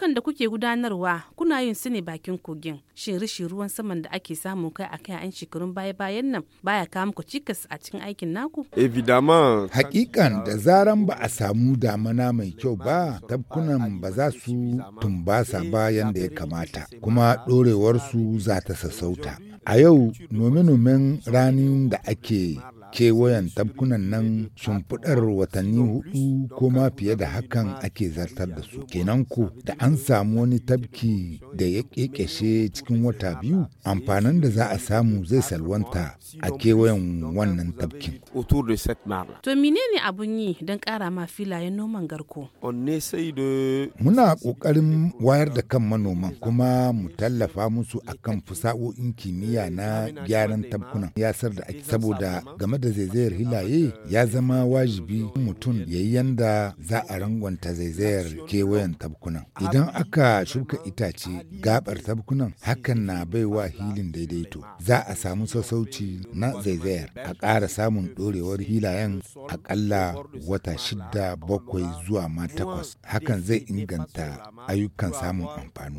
ayyukan da kuke gudanarwa kuna yin su ne bakin kogin shin rishin ruwan saman da ake samu kai a kai an shekarun baya bayan nan baya kawo muku cikas a cikin aikin naku hakikan da zaran ba a samu damana mai kyau ba tabkunan ba za su tumbasa ba yanda ya kamata kuma su za ta sassauta a yau nome-nomen ranin da ake kewayen tabkunan nan sun shimfiɗar watanni hudu ko ma fiye da hakan ake zartar da su kenan ku da an samu wani tabki da ya kekeshe cikin wata biyu amfanin da za a samu zai salwanta a kewayen wannan tabkin to menene abun yi don ƙara ma filayen noman garko muna ƙoƙarin wayar da kan manoman kuma mu tallafa musu akan fasa'o'in kimiyya na gyaran tabkunan yasar da ake saboda game da zaizayar hilaye ya zama wajibi mutum ya yi yanda za a rangwanta zaizayar kewayen tabkunan. Idan aka shuka itace gabar tabkunan hakan na baiwa hilin daidaito. Za a samu sassauci na zaizayar a ƙara samun ɗorewar hilayen aƙalla wata shida bakwai zuwa ma takwas. Hakan zai inganta ayyukan samun amfani.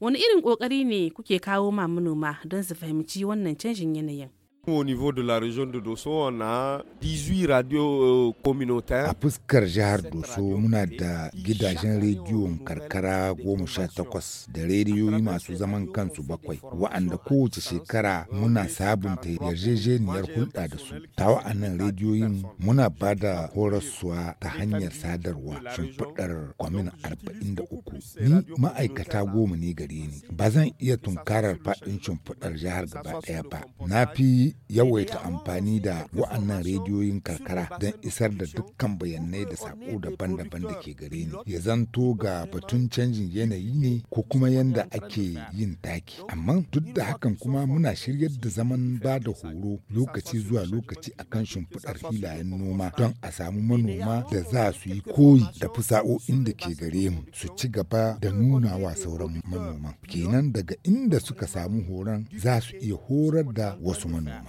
Wani irin ƙoƙari ne kuke kawo ma manoma don su fahimci wannan canjin yanayin? Au niveau de la région de Dosso, on a 18 radios euh, communautaires. A fuskar jihar Dosso muna da gidajen en karkara goma sha takwas da rediyoyi masu zaman kansu bakwai, wa'anda kowace shekara muna sabunta yarjejeniyar hulɗa da su. Ta wa'annan rediyoyin muna ba da horaswa ta hanyar sadarwa shimfiɗar kwamin arba'in da uku. Ni ma'aikata goma ne gare ni, ba zan iya tunkarar faɗin shimfiɗar jihar gaba ɗaya ba. Na fi yawaita amfani da wa'annan rediyoyin karkara don isar da dukkan bayanai da sako daban-daban da ke gare ni ya zanto ga batun canjin yanayi ne ko kuma yanda ake yin taki amma duk da hakan kuma muna shiryar da zaman ba da horo lokaci zuwa lokaci akan shimfiɗar filayen noma don a samu manoma da za su yi koyi da fusa'o'in da ke gare mu su ci gaba da nuna wa sauran manoma kenan daga inda suka samu horon za su iya horar da wasu manoma